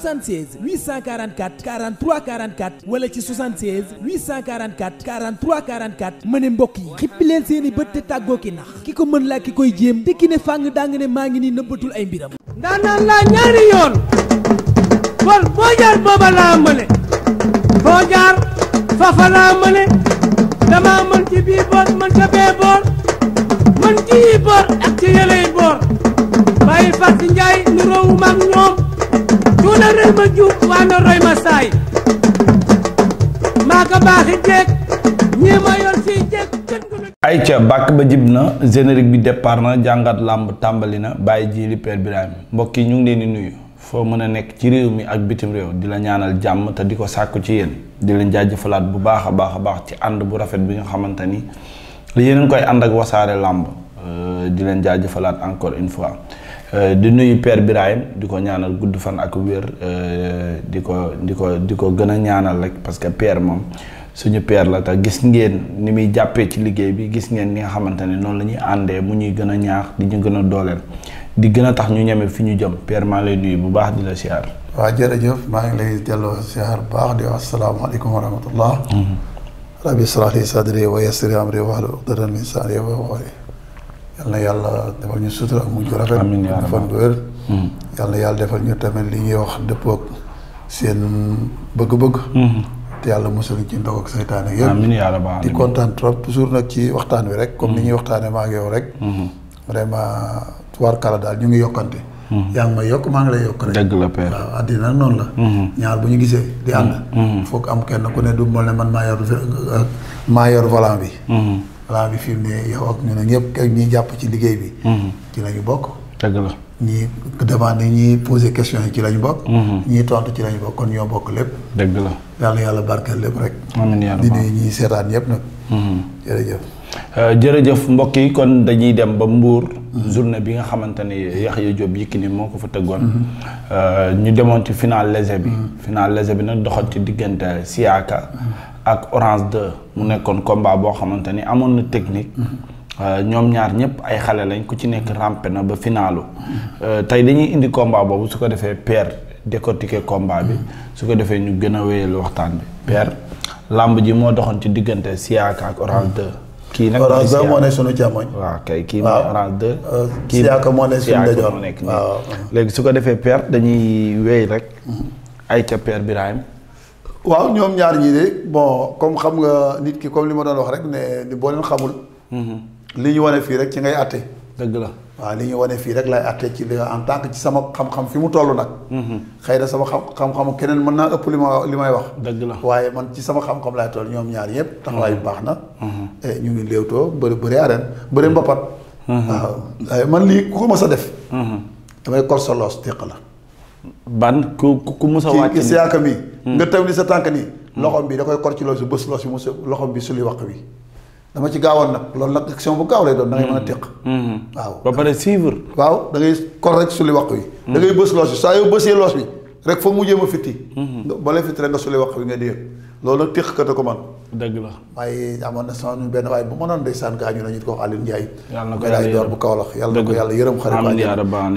76 844 43 44 wala ci 76 844 43 44 ma ne mbokk yi xippi leen seeni bët te tàggoo ki nax ki ko mën laa ki koy jéem te ki ne fàng daa nga ne maa ngi nii nëbbatul ay mbiram. ndaanaan laa ñaari yoon bor boo booba laa mëne boo jaar laa mëne dama mën ci bii boor mën ca bee boor mën ci yi boor ak ci yëley boor bàyyi fàtt njaay nu ñoom leen ma juum waa ma ñii ma yor siy jeeg gën gu ayca bàkk ba jib na générique bi départ na jàngat làmb tàmbali na bàyyi ji li Père Birahim mbokk yi ñu ngi leen di nuyu foo mën a nekk ci réew mi ak bitim réew di la ñaanal jàmm te di ko sàkku ci yéen di leen jaajëfalaat bu baax a baax a baax ci ànd bu rafet bi nga xamante ni yéen a koy ànd ak wasaare làmb euh, di leen jaajëfalaat encore une fois Euh, di nuyu Père Birahim di ko ñaanal gudd fan ak wér euh, di ko di ko di ko gën a ñaanal rek parce que Père moom suñu Père la te gis ngeen ni muy jàppee ci liggéey bi gis ngeen ni nga xamante ne noonu la ñuy àndee mu ñuy gën a ñaax di ñu gën a dooleel di gën a tax ñu ñeme fi ñu jëm Père maa lay nuyu bu baax di la siyaar. waaw jërëjëf maa ngi lay delloo siyaar bu baax di wax salaamaaleykum wa rahmatullah. Mm-hmm. rabbi israh li sadri wa yassir amri yal na yàlla defal ñu sutura ak mujj rafet. amiin fan bu wér. Hmm. yal yàlla defal ñu tamit li ñuy wax dëppoog seen bëgg-bëgg. Hmm. te yàlla musal ci ndog ak saytaan ak yëpp. amiin di kontaan trop toujours nag ci waxtaan wi rek. comme ni hmm. ñuy waxtaanee maag ngi yow rek. vraiment war kala daal ñu ngi yokkante. yaa ngi may yokk maa ngi lay yokk rek. dëgg la père noonu la. ñaar bu ñu gisee di ànd. foog am kenn ku ne du ma ne man maa yor maa bi. plan bi fi mu ne yow ak ñun ñëpp ak ñi jàpp ci liggéey bi. Mm-hmm. ci la bokk. dëgg la ñi demande ñi posé question yi ci la ñu bokk. Mm-hmm. ñi tontu ci la ñu bokk kon ñoo bokk lépp. dëgg la yàlla yàlla barkeel lépp rek. amiin yaa rabbal di ñi seetaan ñëpp nag. Mm-hmm. jërëjëf. Euh, jërëjëf mbokk yi kon dañuy dem ba Mbour. journée bi nga xamante ni Yaxya Jóob Yékini moo ko fa tëggoon. Euh, ñu demoon ci final léger bi. final léger bi nag doxoon ci diggante Siaka. ak Orange 2 mu nekkoon combat boo xamante ni amoon na technique. Euh, ñoom ñaar ñëpp ay xale lañ ku ci nekk rampe na ba finaalu euh, tey dañuy indi combat boobu su ko defee Père décortiquer combat bi su ko defee ñu gën a wéyal waxtaan bi Père làmb ji moo doxoon ci diggante Siaka ak Orange 2. kii nag Orange 2 moo ne sunu càmmoñ. waaw kay kii mooy Orange 2. Euh, kii Siaka moo ne sunu dajoor waaw léegi su ko defee Père dañuy wéy rek. Mhm. ay ca Père Birahim waaw ñoom ñaar ñii de bon comme xam nga nit ki comme li ma doon wax rek ne boo leen xamul. Mhm. li ñu wane fii rek ci ngay àtte. dëgg la waaw li ñu wane fii rek lay àtte ci li en tant que ci sama xam-xam fi mu toll nag. Mhm. xëy na sama xam xam keneen mën naa ëpp li ma li may wax. dëgg la waaye man ci sama xam-xam laay toll ñoom ñaar yëpp. taxawaay bu mhm. baax na. Eh, ñu ngi léewtoo bëri bëri arène bëri mbapat. waaw eh, man lii ku ko ma a def. damay kor sa teq la. ban ku ku mës a wàcc. ci siyaaka mi. Hmm. nga taw ni sa tànk nii. Hmm. loxoom bi da koy kor ci loos bi bës loos bi mu loxoom bi suli waq wi dama ci gaawoon nag loolu nag action bu gaaw lay doon da ngay a hmm. teq. waaw ba pare suivre. waaw da ngay kor rek suli waq wi. da ngay bës loos bi saa yoo bësee loos bi rek fa mujjee ma fitti. ba lay fitti rek nga suli waq wi nga di loolu nag téqkat a ko man dëgg la waaye amoon na sama benn waaye bu ma de ndeysaan gaañu na ñu ko wax Aliou Ndiaye médaille d'or bu Kaolack yàlla na ko yàlla yërëm xarit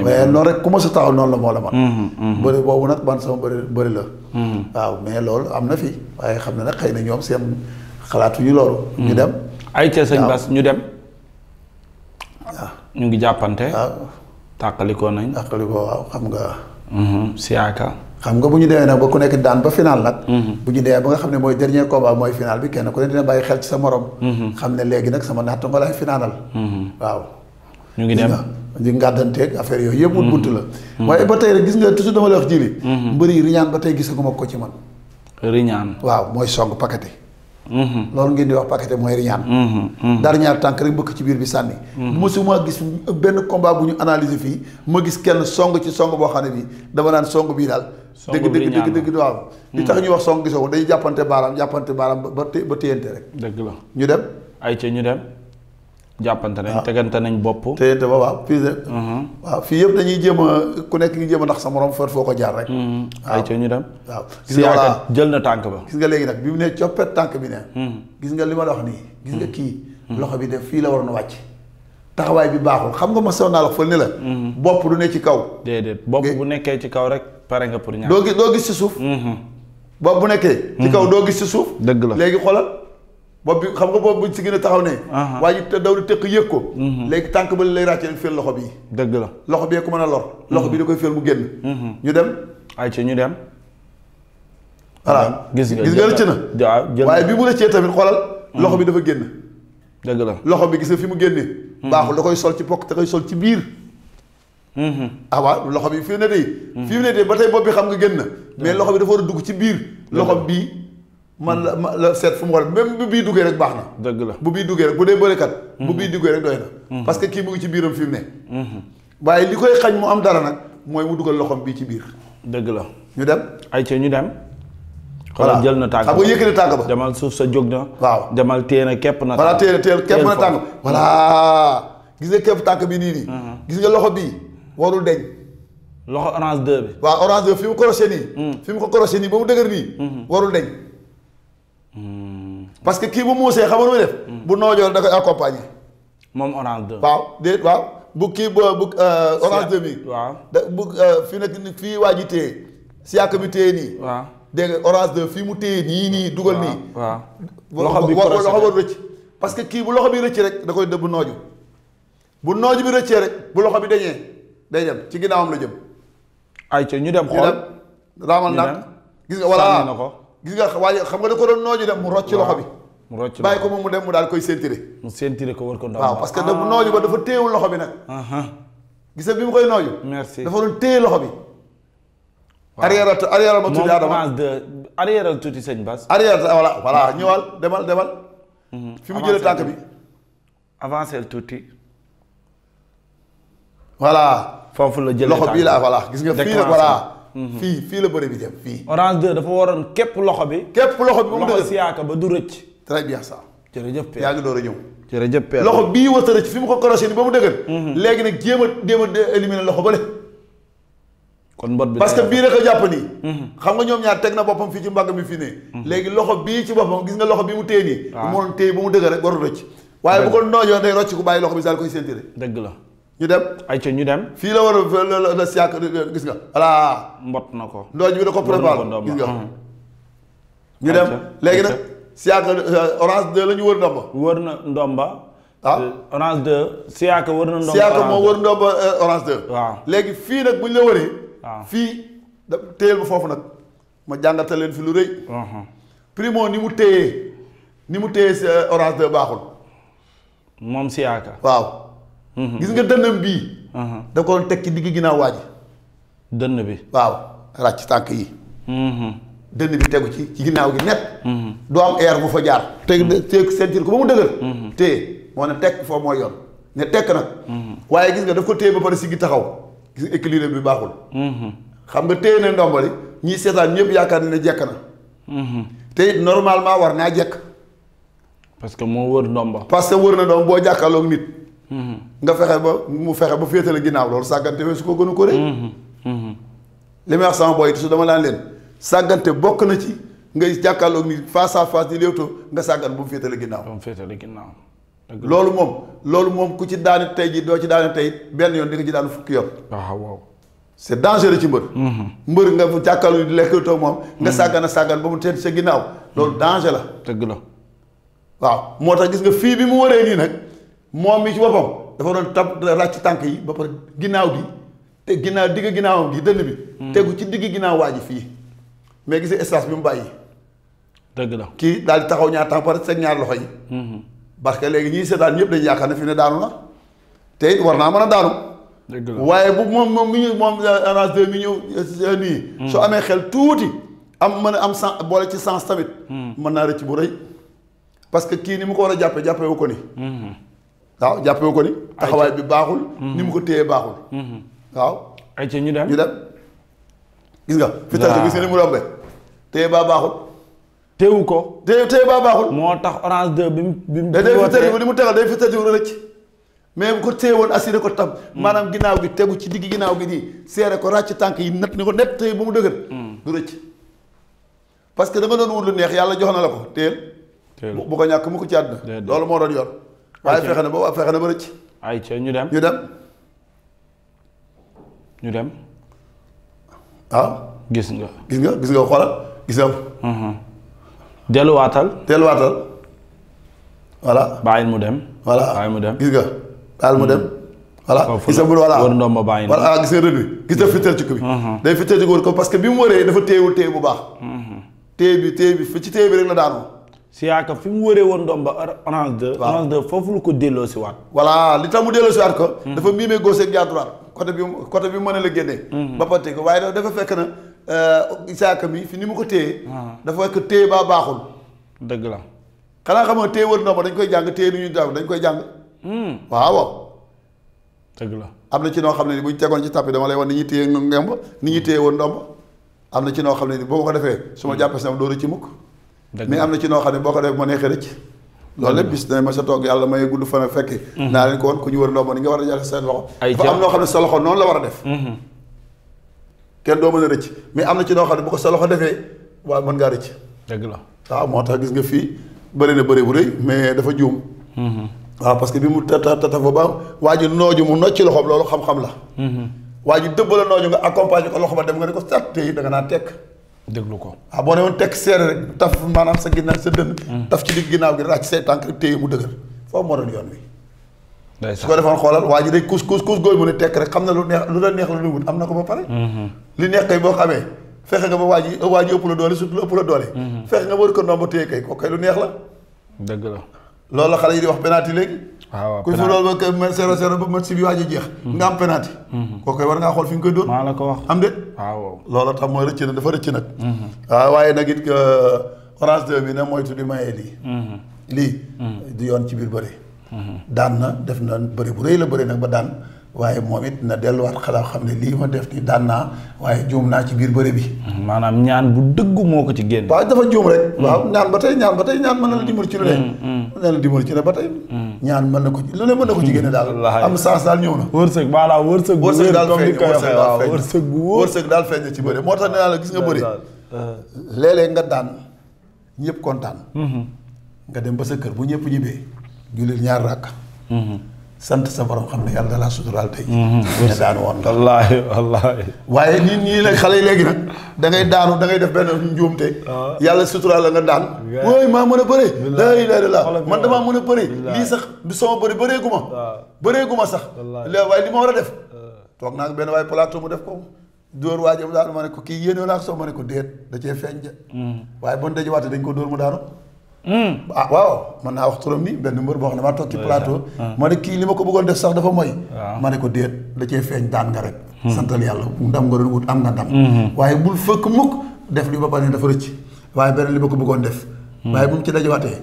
mais loolu rek ku ma sa taxaw noonu la moo la man mhm, mhm. bëri boobu nag man sama bëri bëri la mhm. waaw mais loolu am na fi waaye xam ne nag xëy na ñoom seen xalaatuñu loolu ñu dem ay ca sëñ Bass ñu dem waaw ñu ngi jàppante waaw tàqalikoo nañ tàqalikoo waaw xam nga siyaaka xam nga bu ñu demee nag ba ku nekk daan ba final nag mm-hmm. bu ñu demee ba nga xam ne mooy dernier combat mooy final bi kenn ku ne dina bàyyi xel ci sa morom mm-hmm. xam ne léegi nag sama naata nga laay finaalal mm-hmm. waaw ñu ngi dem ñu ngàddanteeg affaire yooyu yëpp wut bunt la waaye ba tey gis nga toujours dama la wax ji li mbëri yi riñaan ba tey gisaguma ko ci man riñaan waaw mooy song pakati Mm-hmm. loolu ngeen di wax paquet mooy riñaan mm-hmm. mm-hmm. dara ñaar tànk rek bëkk ci biir bi sànni mosuma gis benn combat bu ñu analyser fii ma gis kenn song ci song boo xam ne bi dama naan song bii daal dëgg dëgg dëgg dëgg waaw li tax ñuy wax song gisoo ko dañuy jàppante baaraam jàppante baaraam ba ba téyante rek dëgg la ñu dem ay ca ñu dem jàppante nañ ah. tegante nañ bopp. tegante ba waaw fii mhm. fii yëpp dañuy jéem ku nekk ngi ndax sa morom fër ko jaar rek. Mhm. ñu dem. waaw gis nga jël na tànk ba. gis nga léegi nag bi mu ne coppet tànk bi ne. Mhm. gis nga li ma la wax nii. kii. loxo bi def fii la waroon wàcc. taxawaay bi baaxul xam nga ma sew naa la la. bopp du ne ci kaw. déedéet bopp bu nekkee ci kaw rek pare nga pour ñaar. doo gis doo gis ci suuf. bopp bu nekkee. ci kaw doo gis ci suuf. dëgg la léegi xoolal bopp bi xam nga boobu buñ si gën a taxaw ne waa ji daw di tëq yëg ko mhm. léegi tànk ba lay ràccee feel loxo bi dëgg la loxo bee ko mën a lor loxo bi mhm. da koy feel mu génn mhm. ñu dem ay ñu dem voilà gis nga na waaye bi mu rëccee tamit xoolal loxo bi dafa génn dëgg la loxo bi gis nga fi mu génnee baaxul da koy sol ci bokk da koy sol ci biir ah waaw loxo bi fi ne de fii ne de ba tey bopp bi xam nga génn na mais loxo bi dafa war a dugg ci biir loxo bii man la ma la seet fu mu war même bu bii duggee rek baax na. dëgg la bu bii duggee rek bu dee bërekat. bu mhm. bii duggee rek doy na. Mhm. parce que kii mu ngi ci biiram fi ne. Mhm. waaye li koy xañ mu am dara nag mooy mu dugal loxoom bii ci biir. dëgg la ñu dem. ay ca ñu dem. voilà jël na tànk ba xam nga yëkkati tànk ba. demal suuf sa jóg na. waaw demal téye na képp na. voilà téye téye képp na tànk. voilà gis nga képp tànk bi nii nii. gis nga loxo bii warul deñ. loxo orange 2 bi. waaw orange 2 fi mu croché fi ko croché nii ba mu dëgër nii. warul deñ parce que kii bu muusee xam nga def. Hmm. bu noojoor da koy accompagner. moom orange 2. waaw déet waaw bu kii bu bu euh, orange 2 bi. waaw bu euh, fi nekk fii waa ji téye siyaaka bi téye nii. dégg orange 2 fii mu téye nii nii dugal nii. loxo bi loxo bi rëcc. parce que kii bu loxo bi rëcc rek da koy dëbb nooju bu nooju bi rëccee rek bu loxo bi dañee day dem ci ginnaawam la jëm. ay ca ñu dem xool raamal nag gis nga voilà. gis nga waaye xam nga da ko doon nooju dem mu rocc loxo bi mu rocc bàyyi ko moom mu dem mu daal koy sentiré mu sentiré ko war ko waaw parce que da nooju ba dafa téewul loxo bi nag gis nga bi mu koy nooju merci dafa doon téye loxo bi arrière ma tuuti Adama arrière tuuti sëñ Bass arrière voilà voilà ñëwal demal demal mhm. fi mu jële tànk bi avancé tuuti voilà foofu la jëlee loxo bii la voilà gis nga fii nag voilà Mhm. fii fii la bëre bi jëm fii. orange 2 dafa waroon képp loxo bi. képp loxo bi ba mu dëgër loxo siyaaka ba du rëcc. très bien ça. jërëjëf Père yaa ngi door a ñëw. jërëjëf Père loxo bii war a rëcc fi mu ko croché ni ba mu dëgër. Mhm. léegi nag jéem a jéem a éliminer loxo bële. kon mbot bi parce que bii rek a jàpp nii. Mhm. ñoom ñaar teg na boppam fii ci mbàgg mi fii nii. loxo bii ci boppam gis nga loxo bi mu téye nii. waaw bu mu doon téye ba mu dëgër rek warul rëcc. waaye bu ko noojoon day rocc ku bàyyi loxo bi daal koy séntire. dëgg la ñu dem ay ca ñu dem fii la war a la siak gis nga voilà mbot na ko ndooj bi da ko préparé gis nga ñu dem léegi nag siak euh, orange 2 la ñu wër ndomba wër na ndomba ah orange 2 siak wër na ndomba siak moom wër ndomba euh, orange 2 waaw léegi fii nag bu ñu la wëree ah. fii da téyel ba foofu nag ma jàngata leen fi lu rëy uh-huh. primo ni mu téyee ni mu téyee euh, orange 2 baaxul moom siaka waaw Mhm. gis nga dënn bii. Mhm. da ko teg ci digg ginnaaw waaj. dënn bi waaw ràcc tànk yi. Mhm. dënn bi tegu ci ci ginnaaw gi net. doo am air bu fa jaar. teg teg sentir ko ba mu dëgër. téye moo ne tekk foofu mooy yoon ne tekk nag. waaye gis nga daf ko téye ba pare si gi taxaw gis nga équilibre bi baaxul. xam nga téye na ndombali ñii seetaan ñëpp yaakaar na ne jekk na. te it normalement war naa jekk. parce que moo wër ndomba. parce que wër na doom boo jàkkaarloog nit. nga fexe ba mu fexe ba féetale ginnaaw loolu sàggante fee su ko gën a ko rëy mm-hmm. Mm-hmm. li may wax sama boy su dama daan leen sàggante bokk na ci ngay jàkkaarloog ni face à face di léewtoo nga sàggan bu mu féetale ginnaaw. bu mu féetale ginnaaw. loolu moom loolu moom ku ci daane tey ji doo ci daane tey benn yoon di nga ci daan fukki yoon. Ah, waaw waaw. c' est dangereux ci mbër. Mm-hmm. mbër nga mu jàkkaarloo di lekk toog moom. nga sàggan a sàggan ba mu teet sa ginnaaw. loolu danger la. dëgg la. waaw moo tax gis nga fii bi mu waree nii nag. moom mi ci boppam dafa doon tab ràcc tànk yi ba pare ginnaaw gi te ginnaaw digg ginnaawam gi dënn bi. tegu ci digg ginnaaw waa ji fii. mais gisee espace bi mu bàyyi. dëgg la kii daal di taxaw ñaar tànk pare seen ñaar loxo yi. Mm-hmm. parce que léegi ñiy seetaan ñëpp dañu yaakaar ne fi ne daanu na te war naa mën a daanu. waaye bu moom moom mi ñu moom Orange euh, 2 mi ñëw euh, nii. Mm-hmm. soo amee xel tuuti am mën a am sens boole ci sens tamit. Mm-hmm. mën naa rëcc bu rëy parce que kii ni mu ko war a jàpp jàppee ko ni waaw jàppee ko ni. taxawaay bi baaxul. Hmm. ni mu ko téyee baaxul. Hmm. waaw. ay ci ñu dem ñu dem. gis nga. waaw fii gis nga ni mu rombe téye baa baaxul. teewu ko. téye baa baaxul. moo tax orange 2 bi mu bi mu. mu tegal day fi tëdd rëcc. mais bu ko téye woon assuré ko tam. Hmm. maanaam ginnaaw gi tegu ci digg ginnaaw gi nii. seere ko ràcc tànk yi net ni ko net téye ba mu dëgër. du rëcc. parce que da nga doon wut lu neex yàlla jox na la ko téyel. bu ko ñàkk mu ko ci àdduna. loolu moo doon yor. waaye fexe na ba waaw fexe na ba rëcc. ayca ñu dem ñu dem. ñu dem. ah. gis nga. gis nga gis nga xoolal gis nga. Mhm. delluwaatal. delluwaatal. voilà bàyyil mu dem. voilà bàyyil mu dem gis nga daal mu mhm. dem. voilà gis nga voilà war ndomba bàyyi voilà gis nga rëdd bi gis nga mhm. fitteel ci ko bi day fitteel ci ko parce que bi mu waree dafa téyewul téye bu baax. téye bi téye bi fi ci téye bi rek la daanoo. Siaka fi mu wëree woon doom ba orange de. waaw orange de foofu lu ko delloo si waat. voilà li tax mu delloo si waat ko. Hmm. dafa miimee gauche ak jaar droit côté bi côté a la génnee. Hmm. ba pate ko waaye dafa fekk na euh, Siaka mi ni mu ko téye. Ah. dafa fekk téye baa baaxul. dëgg la. xanaa xam nga téye wër ndomba dañ koy jàng téye nu ñuy daw dañ koy jàng. waaw hmm. waaw. dëgg la am na ci noo xam ne buñ tegoon ci tapis dama lay wax ni ñuy téye ngemb ni ñuy téye wër ndomba am na ci noo xam ne boo ko defee suma ma jàppee si doo ci mukk mais am na ci noo xam ne boo ko def moo neexee rëcc loolu lépp bis na ma sa toog yàlla may gudd fan a fekk mhm. naa leen ko ku ñu war a jàll la a def mhm. kenn doo mën a rëcc mais am na ci noo xam ne bu ko sa loxo defee waaw mën ngaa rëcc dëgg la waaw moo tax gis nga fii bëri na bëri bu rëy mais dafa juum mhm. waaw parce bi mu tata tata ba waa ji nooju mu nocci loxoom loolu xam-xam la waa ji dëbb la nooju nga accompagné ko a ba dem nga ne ko sat yi da naa tekk lu ko waaw ah, boo ne woon tekk seere rek taf maanaam sa ginnaaw sa dënn hmm. taf ci digg ginnaaw gi ràcc say tànk rek téye mu dëgër foofu moo doon yoon wi su ko defoon xoolal waa ji day kuus kuus gooy mu ne tekk rek xam na lu neex lu la neex la lu wut am na ko ba pare hmm. li neex kay boo xamee fexe nga ba waa ji waa ëpp la doole surtout ëpp la doole hmm. fexe nga wër ko ndomba téye kay ko lu neex la dëgg la loolu la xale yi di wax yi léegi waaw ku fi loolu ba kër mètre zéro zéro ba mètre si bi waaj a jeex. Mhm. nga am penalty. Mhm. kooku war ngaa xool fi nga koy doon. maa la ko wax am de. waaw loola tax mooy rëcc na dafa rëcc nag. waaw mhm. ah, waaye nag it que euh, orange di yoon ci biir bëri. daan na def na bëri bu la bëri nag ba daan waaye moom it na delluwaat xalaat xam ne lii ma def nii naa waaye juum naa ci biir bëri bi. maanaam ñaan bu dëggu moo ko ci génn. waaw dafa juum rek. waaw ñaan ba tey ñaan ba ne. la dimbali ci ne ba tey. ñaan mën na ko lu ne mën na ko ci génne daal am sens daal ñëw na wërsëg voilà wërsëg bu wërsëg daal feeñ wërsëg ci bëri moo tax nee naa la gis nga bëri léeg-léeg nga daan ñëpp kontaan mhm. nga dem ba sa kër bu ñëpp ñibbee jullit ñaar rakk mhm. sant sa borom xam ne yàlla da laa suturaal tey. Mhm, ne daanu woon nga. wallaahi waaye nii nii nag xale yi léegi nag da ngay daanu da ngay def benn njuumte. Ah. yàlla suturaal la nga daan. wooy maa mën a bëre. laa ilaaha illallaah man damaa mën a bëre. lii sax du sama bëre bëreegu ma. Ah. bëreegu ma sax. wallaahi waaye li ma war a def. Ah. toog naa benn waaye plateau mu def ko. dóor waajam daal ma ne ko kii yéen a soo ma ne ko déet da cee feeñ ja. Mm. waaye bon daje waate dañ ko dóor mu daanu. Hmm. ah waaw mën naa wax turam ni benn mbër boo xam ne maa toog ci plateau. Ah. ma ne kii li ma ko bëggoon def sax dafa mooy. ma ne ko déet da cee feeñ daan nga rek. Hmm. santal yàlla ndam nga doon wut am nga ndam. Hmm. waaye bul fëkk mukk def li ba pare dafa waaye beneen li ma ko bëggoon def. waaye bu ci dajawaatee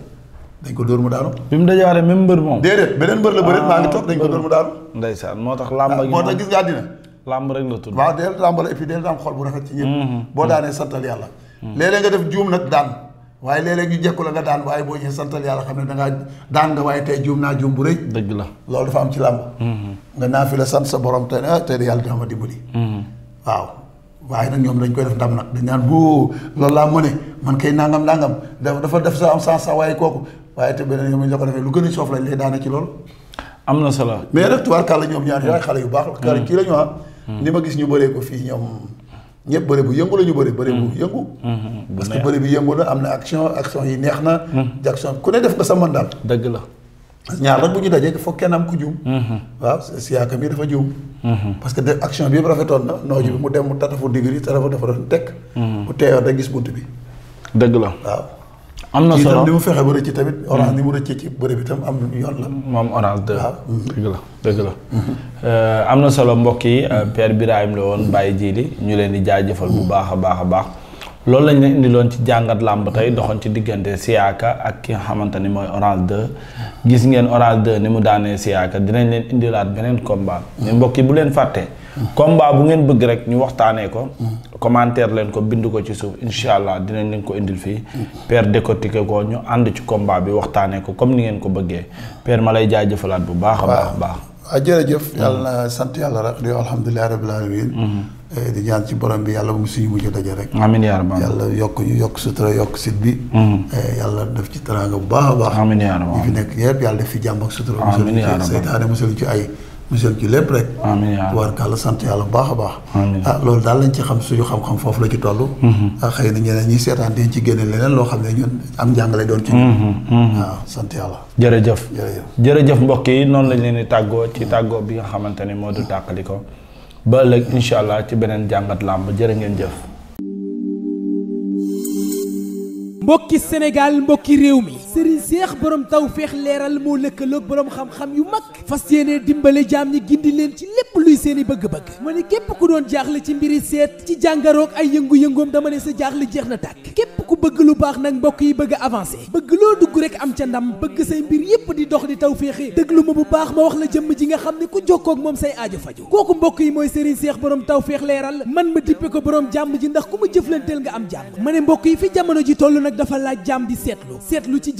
dañ ko dóor mu daanu. bi mu dajawaatee même mbër moom. déedéet beneen mbër la bëreet maa ngi ah, toog dañ ko dóor mu daanu. ndeysaan moo tax làmb ah, moo tax gis nga àddina. làmb rek la tudd. waaw deel làmb la et puis deel am xol bu rafet ci ñëpp. boo daanee santal yàlla. léeg nga def juum nag daan waaye léeg-léeg ñu jekku la nga daan waaye boo ñëwee santal yàlla xam ne dangaa daan nga waaye tey juum naa juum bu rëy. dëgg la loolu dafa am ci làmb. Mm-hmm. nga naa fi la sant sa borom te ah te yàlla dina ma dimbali. Mm-hmm. waaw waaye nag ñoom dañ koy def ndam nag dañ naan boo loolu laa mëne man kay nangam nangam dafa def sa am sans sa waaye kooku waaye te beneen ñoom ñu la ko defee lu gën a soof lañ lay daane ci loolu. am na solo. mais nag tubaarkàlla ñoom ñaar ñaar xale yu baax la. Mm-hmm. kii la ñu ah. li ma gis ñu bëree ko fii ñoom ñépp bëri bu yëngu la ñu bëri bëri bu mm-hmm. yëngu mm-hmm. parce que bëri bi yëngu la am na action action yi neex na mm-hmm. action ku ne def nga sa man dëgg la ñaar nag bu ñu dajee foog kenn am ku juum waaw si yaaka bi dafa juum parce que de action bi yëpp rafetoon na noo bi mu dem mu tatafu digri tatafu dafa doon tekk mu teeyoon rek gis bunt bi dëgg la waaw am na solo li mu fexe ba rëcc tamit. orange li mm-hmm. mu rëcc ci bëre bi tam am la. moom orange de. Mm-hmm. la dëgg euh, am na solo mbokk yi euh, Père Birahim la woon Baye Djily ñu leen di jaajëfal bu mm-hmm. baax a baax a baax. loolu lañ leen indiloon ci jàngat làmb tey doxoon ci diggante Siaka ak ki nga xamante ni mooy Orange 2 gis ngeen Orange 2 ni mu daanee Siaka dinañ leen indilaat beneen combat. mais mbokk yi bu leen fàtte. combat bu ngeen bëgg rek ñu waxtaanee ko. commentaire leen ko bind ko ci suuf incha allah dinañ leen ko indil fii. père décortiquer ko ñu ànd ci combat bi waxtaanee ko comme ni ngeen ko bëggee père ma lay jaajëfalaat bu baax a baax baax. a jërëjëf. yàlla na sant yàlla rek di alhamdulilah rabbil alamin mm-hmm. eh, di ñaan ci borom bi yàlla bu mu suñu mujj daje rek. amiin yaa yàlla yokk ñu yokk sutura yokk sit bi. Mm-hmm. Eh, yàlla def ci teraanga bu baax a baax. amiin yaa rabbal ñi fi nekk yëpp yàlla fi jàmm ak sutura. amiin yaa rabbal ci ay. musal ci lépp rek. amiin war kàlla sant yàlla baax a baax. ah loolu daal lañ ci xam suñu xam-xam foofu la ci toll. Mm-hmm. ah xëy na ñeneen ñi seetaan dañ ci génne leneen loo xam ne ñun am njàngale doon ci. waaw mm-hmm, mm-hmm. ah, sant yàlla. jërëjëf jërëjëf a mbokk yi noonu lañ leen tàggoo ci tàggoo bi nga xamante ne moo du tàqali ko ba ëllëg incha allah ci beneen jàngat làmb jërë ngeen jëf. mbokki Sénégal mbokki réew mi sëriñ seex borom taw feex leeral moo lëkkaloog borom xam-xam yu mag fas yéene dimbale jaam ni gindi leen ci lépp luy seeni bëgg-bëgg ma ne képp ku doon jaaxle ci mbir mbiri seet ci jàngaroog ay yëngu-yëngoom dama ne sa jaaxle jeex na tàkk képp ku bëgg lu baax nag mbokk yi bëgg a bëgg loo dugg rek am ca ndam bëgg say mbir yépp di dox di taw féexe déglu ma bu baax ma wax la jëmm ji nga xam ne ku jokkoo moom say aajo faju kooku mbokk yi mooy sëriñ seex borom taw feex leeral man ma dippe ko borom jàmm ji ndax ku ma jëflanteel nga am ma ne mbokk yi fi jamono ji toll nag dafa laaj jàmm di seetlu seetlu ci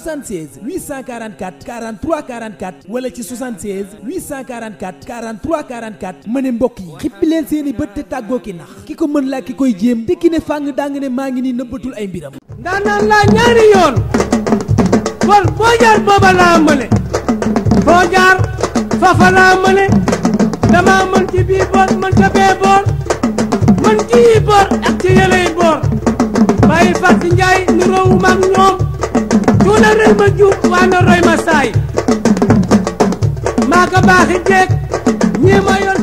76 844 43 44 wala ci 76 844 43 44 ma ne mbokk yi xippi leen seen i bët te tàggoo ki nax ki ko mën laa ki koy jéem te ki ne fàng daa nga ne maa ngi nii nëbbatul ay mbiram. ndaanaan laa ñaari yoon kon boo booba laa mëne boo jaar laa mëne dama mën ci bii boor mën ca bee boor mën ci yi boor ak ci yëley boor bàyyi fàtt njaay nu ñoom na rëy ma juum waa na saay maa baaxi jeeg ñii ma